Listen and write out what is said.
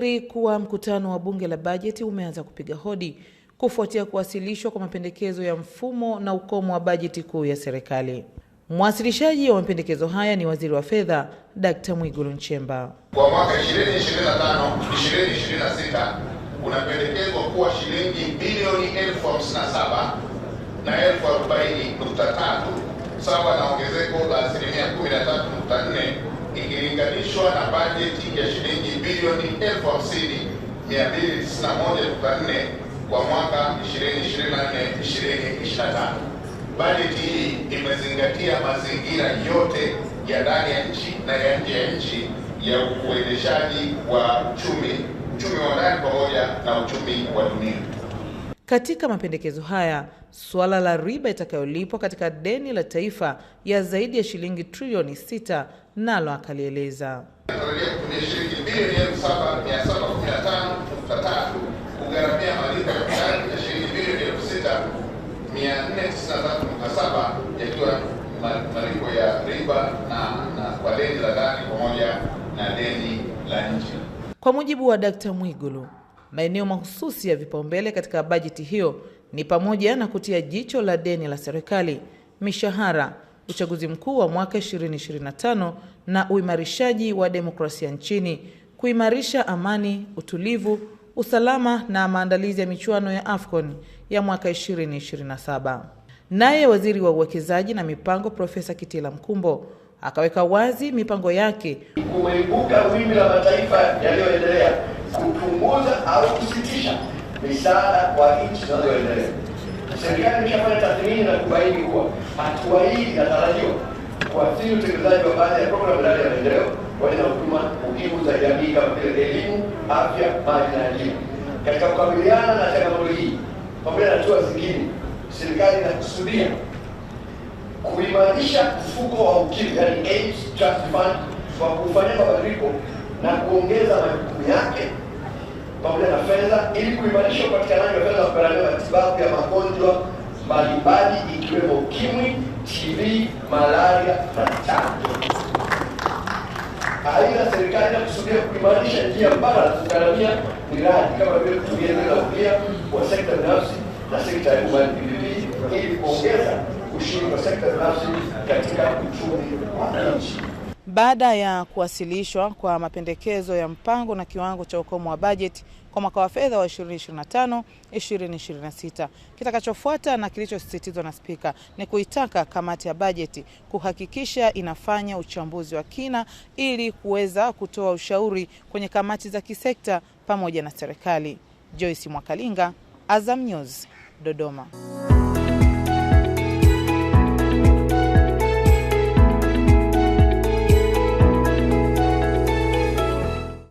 dhahiri kuwa mkutano wa bunge la bajeti umeanza kupiga hodi kufuatia kuwasilishwa kwa mapendekezo ya mfumo na ukomo wa bajeti kuu ya serikali. Mwasilishaji wa mapendekezo haya ni waziri wa fedha Dkt. Mwigulu Nchemba. Kwa mwaka 2025 2026 unapendekezwa kuwa shilingi bilioni elfu hamsini na saba na elfu arobaini nukta tatu sawa na ongezeko la asilimia 13.4 ikilinganishwa na bajeti ya shilingi milioni elfu hamsini mia mbili tisini na moja nukta nne kwa mwaka 2024 2025. Bajeti hii imezingatia mazingira yote ya ndani ya nchi na ya nje ya nchi ya uendeshaji wa uchumi, uchumi wa ndani pamoja na uchumi wa dunia. Katika mapendekezo haya, suala la riba itakayolipwa katika deni la taifa ya zaidi ya shilingi trilioni sita nalo akalieleza ili milioni saba mia saba kumi na tano nukta tatu kugharamia malipo ya mtaji na shilingi bilioni elfu sita mia nne tisini na tatu nukta saba yakiwa malipo ya riba na, na kwa deni la ndani pamoja na deni la nje. Kwa mujibu wa Dkt. Mwigulu, maeneo mahususi ya vipaumbele katika bajeti hiyo ni pamoja na kutia jicho la deni la serikali, mishahara, uchaguzi mkuu wa mwaka 2025 na uimarishaji wa demokrasia nchini kuimarisha amani, utulivu, usalama na maandalizi ya michuano ya AFCON ya mwaka 2027. Naye waziri wa uwekezaji na mipango Profesa Kitila Mkumbo akaweka wazi mipango yake. Kumeibuka wimbi la mataifa yaliyoendelea kupunguza au kusitisha misaada kwa nchi zinazoendelea. Serikali imeshafanya tathmini na kubaini kuwa hatua hii inatarajiwa kuasili utekelezaji wa baadhi ya programu ndani ya maendeleo pamoja huduma muhimu za jamii kama vile elimu, afya, maji na elimu. Katika kukabiliana na changamoto hii pamoja na hatua zingine, serikali inakusudia kuimarisha mfuko wa UKIMWI, yani AIDS Trust Fund, kwa kufanya mabadiliko na kuongeza majukumu yake pamoja na fedha ili kuimarisha upatikanaji wa fedha za kugharamia matibabu ya magonjwa mbalimbali ikiwemo ukimwi, TB, malaria na chanjo. Aidha, serikali inakusudia kuimarisha njia mbadala za kugharamia miradi kama vile kutumia eneo la ubia wa sekta binafsi na sekta ya umma PPP ili kuongeza ushiriki wa sekta binafsi katika uchumi wa nchi. Baada ya kuwasilishwa kwa mapendekezo ya mpango na kiwango cha ukomo wa bajeti kwa mwaka wa fedha wa 2025 2026, kitakachofuata na kilichosisitizwa na Spika ni kuitaka kamati ya bajeti kuhakikisha inafanya uchambuzi wa kina ili kuweza kutoa ushauri kwenye kamati za kisekta pamoja na serikali. Joyce Mwakalinga, Azam News, Dodoma.